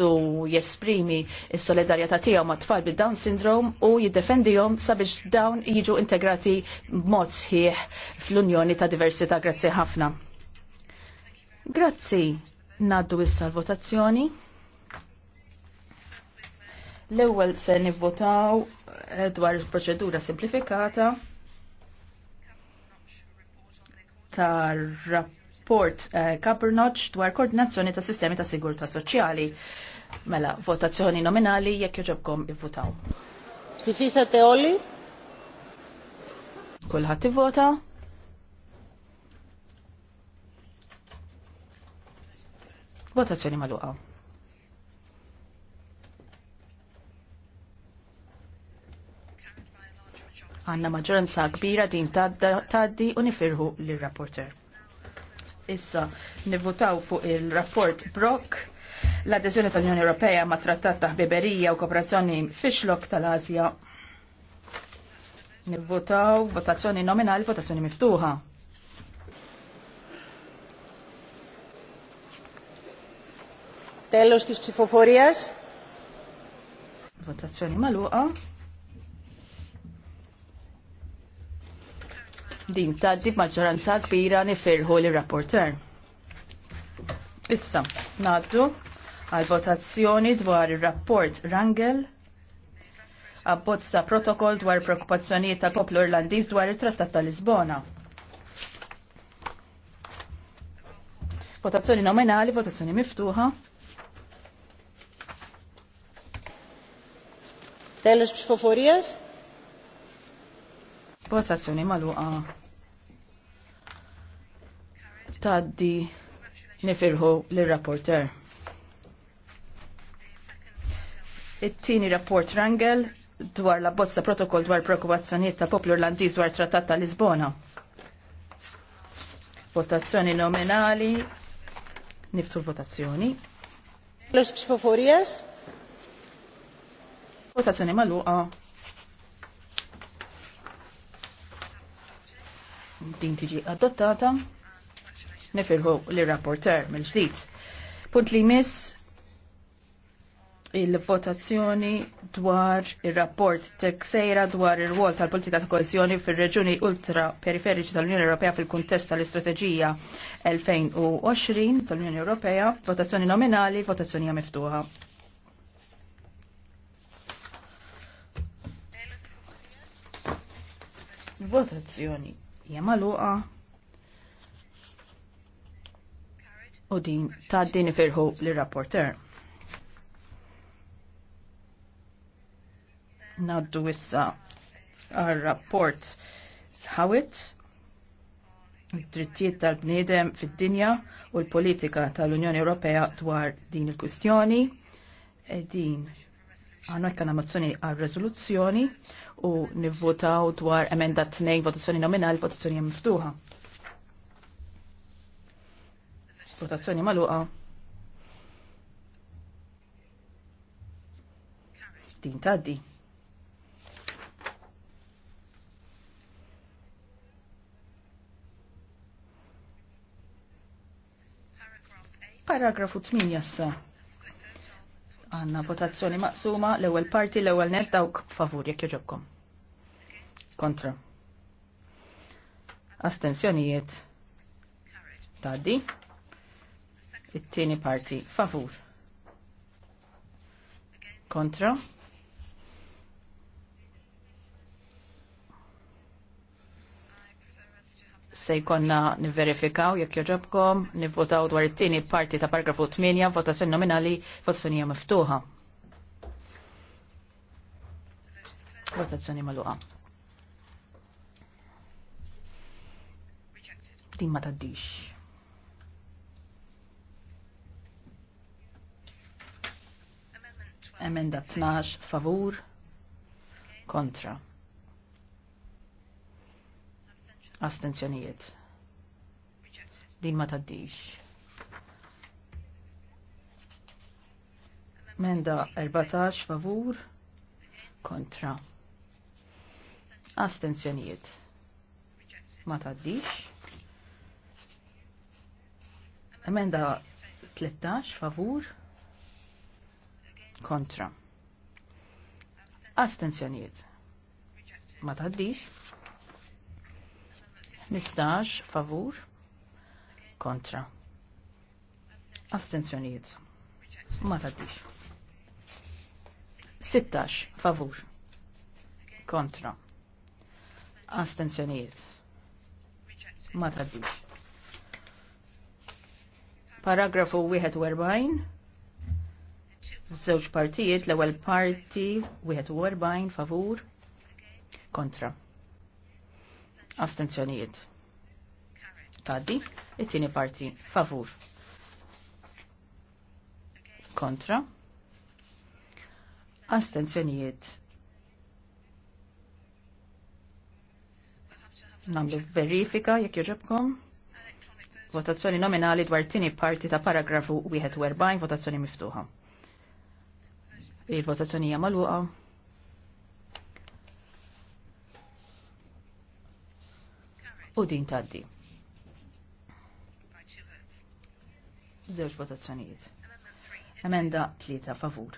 jibdu jesprimi s-solidarjetà tiegħu ma' tfal bid-Down syndrome u jiddefendihom sabiex dawn jiġu integrati b'mod sħiħ fl-Unjoni ta' Diversità. Grazzi ħafna. Grazzi. Naddu issa l-votazzjoni. L-ewwel se nivvotaw eh, dwar proċedura simplifikata tar rapport eh, dwar koordinazzjoni ta' sistemi ta' sigurta soċjali. Mela, votazzjoni nominali jekk joġobkom ivvutaw. Sifisa teoli? Kulħadd ivvota. Votazzjoni magħluqa. Għanna maġġoranza kbira din taddi u nifirħu lir-rapporter. Issa, nivvotaw fuq il-rapport Brock l-adeżjoni tal-Unjoni Ewropea ma' trattat ta' ħbiberija u kooperazzjoni fixlok tal-Asja. Nivvotaw votazzjoni nominali, votazzjoni miftuħa. Τέλος της ψηφοφορίας. Votazzjoni maluqa. Din taddi maġġoranza kbira nifirħu l-rapporter. Issa, naddu għal votazzjoni dwar ir-rapport Rangel abbozz ta' protokoll dwar preokkupazzjonijiet tal-poplu Irlandiż dwar it-Trattat ta' Lisbona. Votazzjoni nominali, votazzjoni miftuħa. Τέλος psifoforijas. Votazzjoni maluqa. Taddi nifirħu l-rapporter. it-tieni rapport Rangel dwar la bozza protokoll dwar preokkupazzjonijiet ta' poplu Irlandiż dwar Trattat ta' Lisbona. Votazzjoni nominali. Niftu l-votazzjoni. Los psifoforijas? Votazzjoni maluqa. Din tiġi adottata. Nifirħu l-rapporter mill-ġdid. Punt li miss il-votazzjoni dwar il-rapport teksejra dwar ir wol tal-politika ta' koesjoni fil-reġuni ultra periferiċi tal-Unjoni Ewropea fil-kuntest tal-Istrateġija 2020 tal-Unjoni Ewropea, votazzjoni nominali, votazzjoni miftuħa. Votazzjoni jemaluqa u din ta' din firħu l-rapporter. Naddu issa għal-rapport ħawit id-drittijiet tal-bniedem fid-dinja u l-politika tal-Unjoni Ewropea dwar din il-kwistjoni. Din għanna jkana mozzjoni għal-rezoluzzjoni u nivvotaw dwar emenda 2 votazzjoni nominali, votazzjoni miftuħa. Votazzjoni maluqa. Din taddi. Paragrafu 8 jassa. Għanna votazzjoni maqsuma l-ewwel parti l-ewwel net dawk favur jekk joġobkom. Kontra. Astenzjonijiet. Taddi. It-tieni parti favur. Kontra. se jkonna niverifikaw jekk joġobkom, nivvotaw dwar it-tieni parti ta' paragrafu 8, votazzjoni nominali, votazzjoni miftuħa. Votazzjoni maluqa. Din ma taddix. Emenda 12 favur kontra. Astenzjonijiet. Din ma taddix. Menda 14 favur kontra. Astenzjonijiet. Ma taddix. Emenda 13 favur kontra. Astenzjonijiet. Ma taddix. 15 favur kontra. Astenzjonijiet. Ma taddix. 16 favur kontra. Astenzjonijiet. Ma taddix. Paragrafu 41. Żewġ partijiet, l-ewwel parti 41 favur kontra. Astenzjonijiet. Taddi. It-tieni parti. Favur. Kontra. Astenzjonijiet. Namlu verifika jekk jirġobkom. Votazzjoni nominali dwar tieni parti ta' paragrafu 41, votazzjoni miftuħa. Il-votazzjoni hija u din taddi. Zewġ votazzjonijiet. Emenda tlieta favur.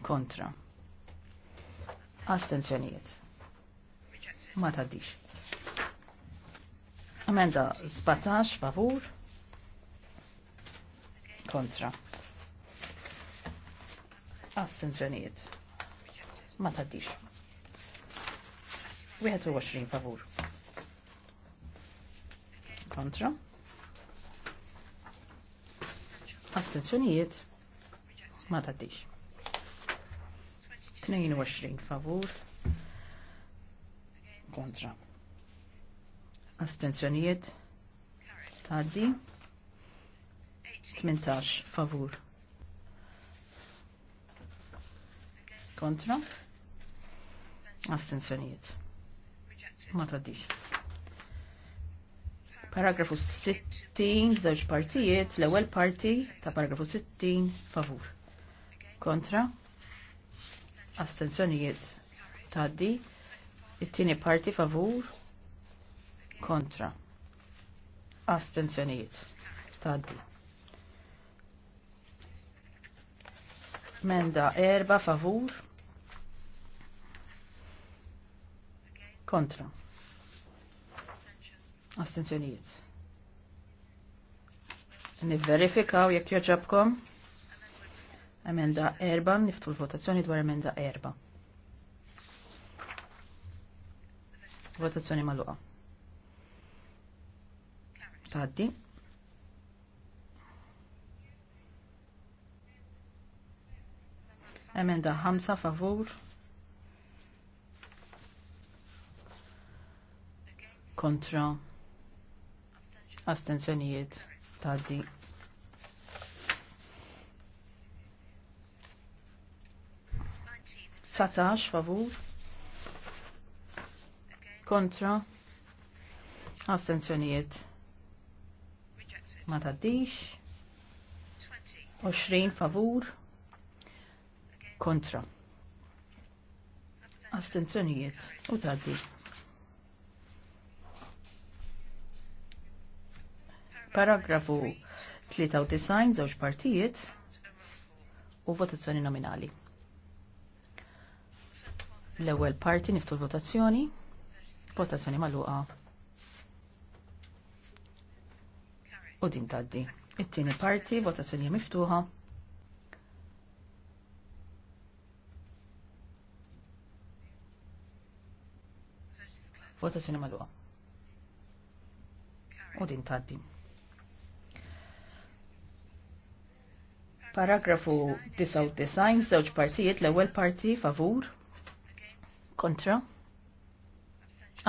Kontra. Astenzjonijiet. Ma taddix. Emenda 17 favur. Kontra. Astenzjonijiet. Ma taddix. 21 favur kontra. Astenzjonijiet ma taddix. 22 favur kontra. Astenzjonijiet taddi. 18 favur kontra. Astenzjonijiet ma taddix. Paragrafu 60, żewġ partijiet, l-ewwel parti ta' paragrafu 60 favur. Kontra? Astenzjonijiet tgħaddi. It-tieni parti favur. Kontra. Astenzjonijiet tgħaddi. Menda erba favur. Kontra. Astenzjonijiet. Nivverifikaw jekk joġobkom. Emenda erba, niftu l-votazzjoni dwar emenda erba. Votazzjoni maluqa. Taddi. Emenda ħamsa favur. Kontra astenzjonijiet di. Satax favur kontra astenzjonijiet ma taddix 20 favur kontra astenzjonijiet u taddi. Paragrafu 93 żewġ partijiet u votazzjoni nominali. L-ewwel parti niftu l-votazzjoni, votazzjoni magħluqa. U din tgħaddi. It-tieni parti, votazzjoni miftuħa. Votazzjoni magħluqa. U din tgħaddi. Paragrafu 99, żewġ partijiet, l-ewwel parti favur, kontra,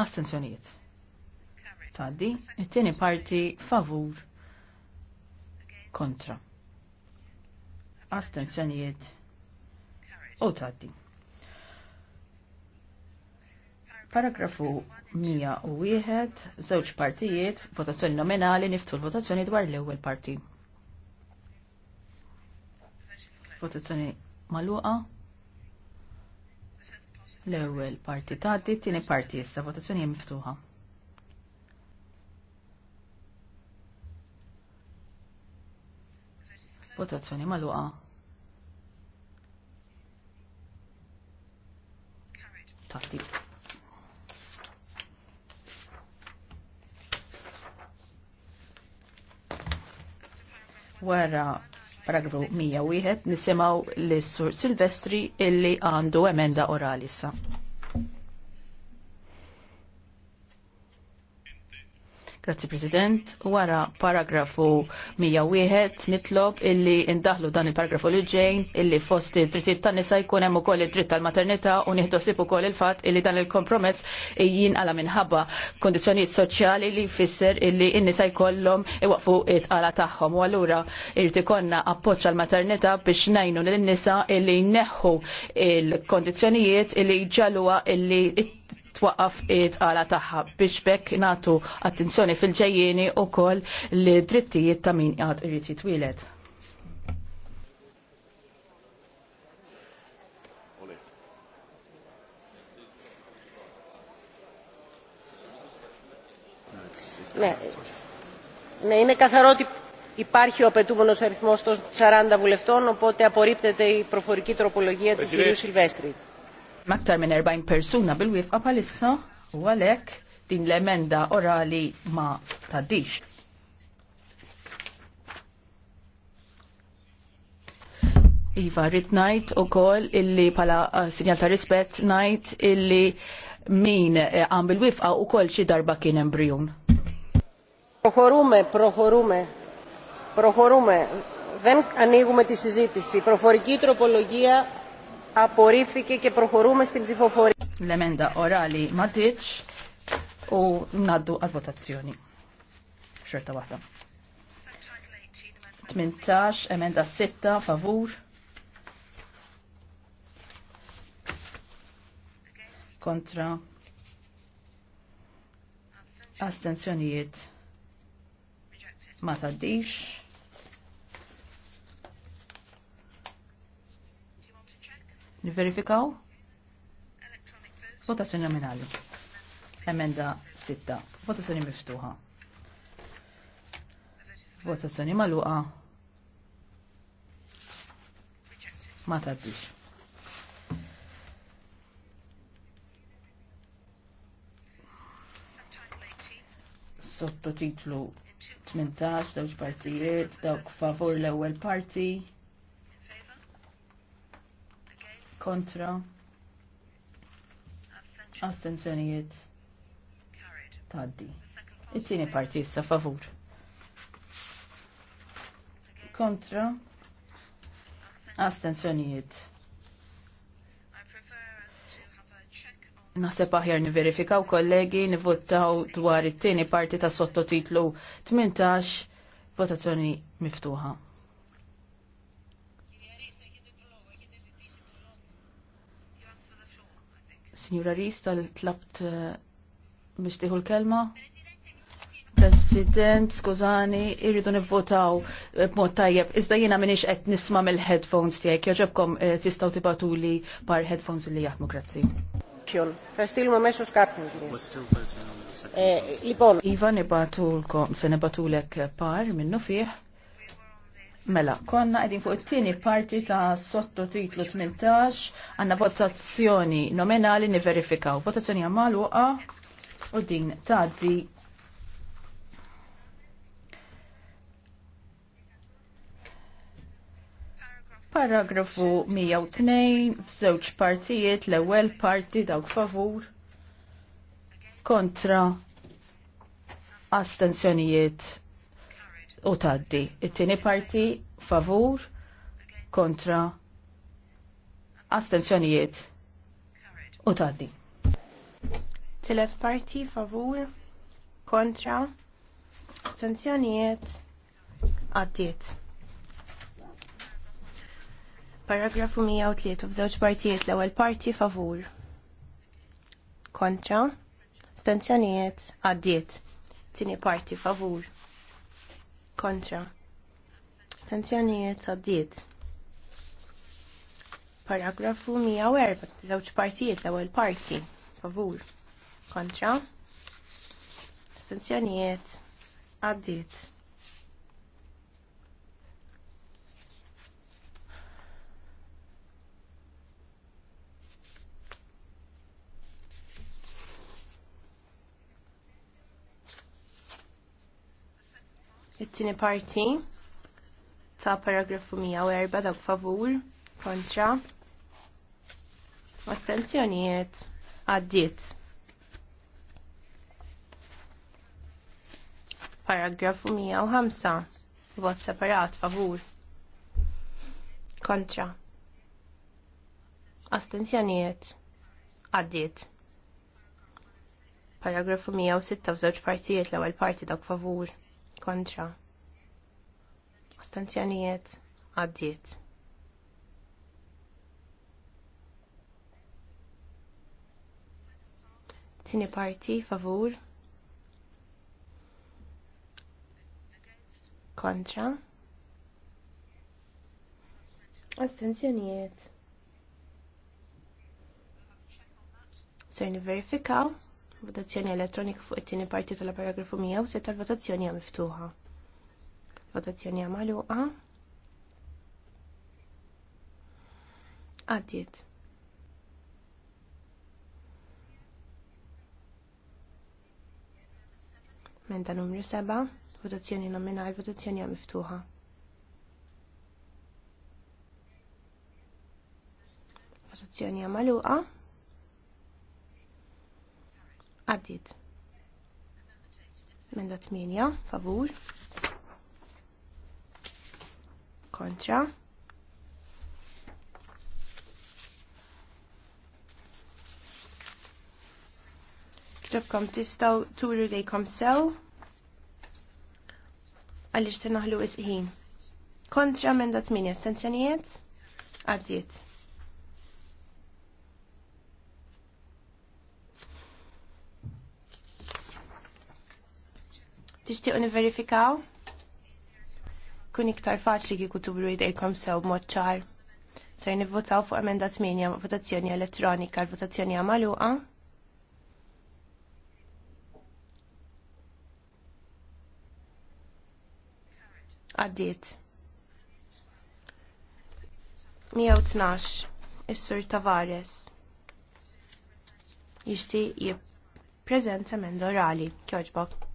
astenzjonijiet. Taddi, it-tieni parti favur, kontra. Astenzjonijiet. U taddi. Paragrafu 101, żewġ partijiet, votazzjoni nominali, niftu l-votazzjoni dwar l-ewwel parti. Votazzjoni maluqa. L-ewwel parti tgħaddi, tieni parti issa votazzjoni hija miftuħa. Votazzjoni maluqa. Tati. Wara Paragrafu 101 nisimaw l-Sur Silvestri illi għandu emenda orali sa. Grazzi President, wara paragrafu 101 nitlob illi indaħlu dan il-paragrafu li ġejn illi fost il drittijiet tan nisa jkun hemm ukoll id-dritt tal-maternità u nieħdosib ukoll il-fatt illi dan il-kompromess għala minħabba kondizzjonijiet soċjali li jfisser illi n-nisa jkollhom iwaqfu it-qala tagħhom u allura irid ikollna appoġġ għall-maternità biex ngħinu lin-nisa illi jneħħu il-kondizzjonijiet illi jġalluha illi twaqqaf it għala taħħa biex bekk natu attenzjoni fil u wkoll li drittijiet ta' min jgħad irriti twilet. Ναι, είναι καθαρό ότι υπάρχει ο απαιτούμενο αριθμό των 40 βουλευτών, οπότε απορρίπτεται η προφορική τροπολογία του κ. Σιλβέστρη. Maktar minn 40 persuna bil-wifqa palissa u għalek din l-emenda orali ma tadix. Iva, rrit najt u kol illi pala eh, sinjal ta' rispet najt illi min eh, għam bil-wifqa u kol xie darba kien embrjun. Proħorume, proħorume, proħorume, δεν ανοίγουμε τη συζήτηση. Προφορική τροπολογία Απορρίφθηκε και προχωρούμε στην ψηφοφορία. Λεμέντα orali Ματίτς u naddu għal votazzjoni. Xorta waħda. 18, emenda 6, favur. Kontra. Astenzjonijiet. Ma taddix. Niverifikaw? Votazzjoni nominali. Emenda 6. Votazzjoni miftuħa. Votazzjoni maluqa. Ma tgħaddix. Sottotitlu 18 dawġ partijiet, dawk favor l-ewwel parti. kontra astenzjonijiet taddi. It-tieni parti issa favur. Kontra astenzjonijiet. Naħseb aħjar niverifikaw kollegi nivottaw dwar it-tieni parti ta' sottotitlu 18 votazzjoni miftuħa. Signora Ris tal-tlabt biex eh, l-kelma. President, skużani, irridu nivvotaw eh, b'mod tajjeb. Iżda jiena minix qed nisma' mill-headphones tiegħek, joġobkom eh, tistgħu tibatuli par headphones li jaħdmu grazzi. Festilmu meċu Iva nibatulkom, se nibatulek par minnu fih. Mela, konna għedin fuq it-tieni parti ta' sottotitlu 18 għanna votazzjoni nominali niverifikaw. Votazzjoni għamal uqa u din di. Paragrafu 102 f'żewġ partijiet l-ewwel parti dawk favur kontra astenzjonijiet u taddi. It-tieni parti favur kontra astenzjonijiet u taddi. Tilet parti favur kontra astenzjonijiet għaddiet. Paragrafu 103 f'żewġ partijiet l-ewwel parti favur. Kontra. Stenzjonijiet għaddiet. Tini parti favur kontra sanzjonijiet għaddiet. Paragrafu 104, żewġ partijiet l-ewwel parti, favur, kontra, sanzjonijiet għaddiet. Tini parti ta' paragrafu 104 dak favur kontra astenzjonijiet għaddit. Paragrafu 105 vot separat favur kontra astenzjonijiet għaddit. Paragrafu 106 f'żewġ partijiet l-ewwel parti dak favur kontra Astenzjonijiet għaddiet. Tini parti favur. Kontra. Astenzjonijiet. Ser verifikaw votazzjoni elettronika fuq it-tieni parti tal-paragrafu 106 tal-votazzjoni hija miftuħa. Votazzjoni għamaluqa. Għaddiet. Menta numru 7, votazzjoni nominali, votazzjoni miftuħa. Votazzjoni għamaluqa. Għaddiet. Menda 8, favur kontra. Ġobkom tistaw turu dejkom sew għalix se naħlu isħin. Kontra menda minja estensjonijiet għaddiet. Tixtiequ niverifikaw? verifikaw tkun iktar faċli kieku tubru jdejkom sew mod ċar. Sej nivvotaw fuq emenda 8 votazzjoni elettronika, l-votazzjoni għamaluqa. Għaddit. 112. Is-Sur Tavares. jib. jippreżenta emenda orali. Kjoġbok.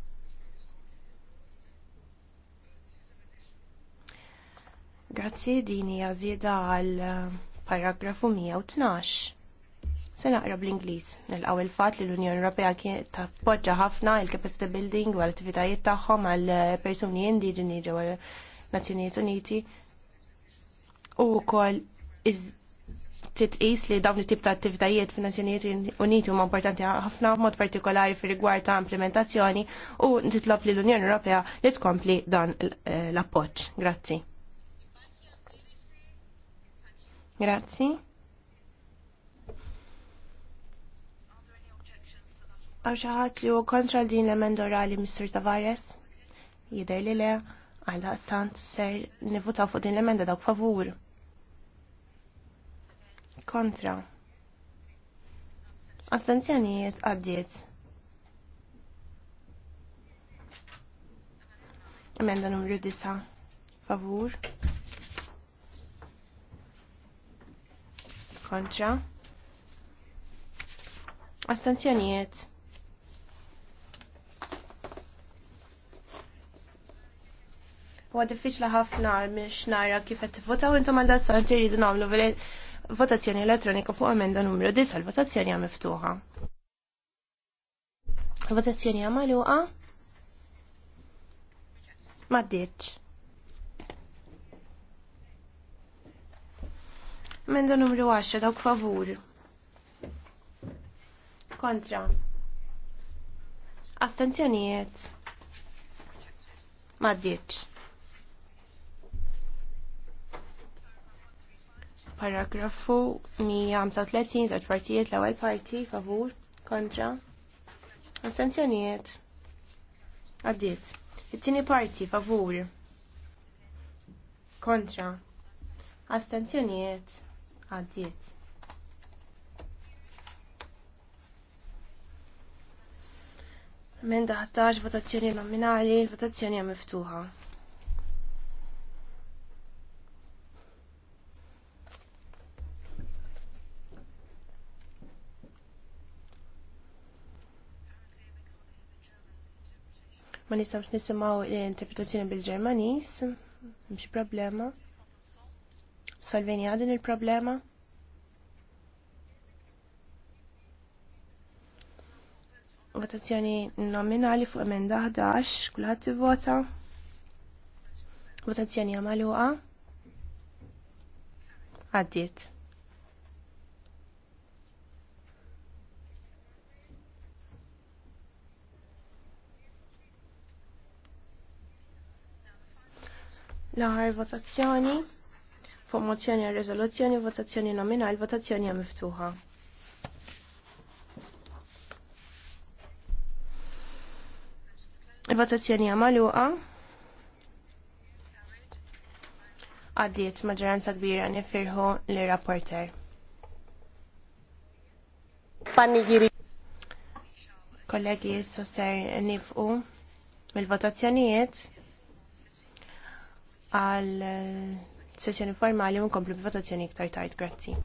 Grazzi din hija żieda għal eh, paragrafu 112. Se naqra bl-Ingliż. Nilqgħu il-fatt li l-Unjoni Ewropea kienet tappoġġa ħafna il-capacity building u l-attivitajiet tagħhom għal eh, persuni indiġeni ġewwa Nazzjonijiet Uniti u wkoll titqis li dawn it-tip ta' attivitajiet fin-Nazzjonijiet Uniti huma importanti ħafna b'mod partikolari fir rigward ta' implementazzjoni u titlob li l-Unjoni Ewropea li tkompli dan eh, l-appoġġ. Grazzi. Grazzi. Għaw xaħat li u kontra din l-emenda orali Mr. Tavares? Jider li le, għalda stant ser nivutaw fuq din l-emenda dawk favur. Kontra. Astenzjonijiet għaddiet. Emenda numru 9. Favur. kontra astanzjonijiet Huwa diffiċli ħafna miex nara kif qed tivvotaw intom għal dan jridu nagħmlu votazzjoni elettronika fuq emenda numru 10 l-votazzjoni hija miftuħa. Il-votazzjoni hija magħluqa. Ma ditx. Menda numru 10 dawk favur. Kontra. Astenzjonijiet. Maddiċ. Paragrafu 135 zaċ partijiet l-ewwel parti favur kontra. Astenzjonijiet. Għaddiet. It-tieni parti favur. Kontra. Astenzjonijiet għaddiet. Minn daħtax votazzjoni nominali, l-votazzjoni hija miftuħa. Ma nistax nisimgħu l-interpretazzjoni bil-Ġermaniż, mhix problema solveni din il-problema? Votazzjoni nominali fuq emenda 11, kulħadd vota Votazzjoni għamaluqa. Għaddit. L-ħar votazzjoni fuq għal rezoluzzjoni votazzjoni nominal votazzjoni miftuħa. Il-votazzjoni għamaluqa. Għaddiet maġġoranza kbira nifirħu li rapporter. Panigiri. Kollegi, issa ser nifqu mill-votazzjonijiet għal sessjoni formali u nkomplu b'votazzjoni iktar tard. Grazzi.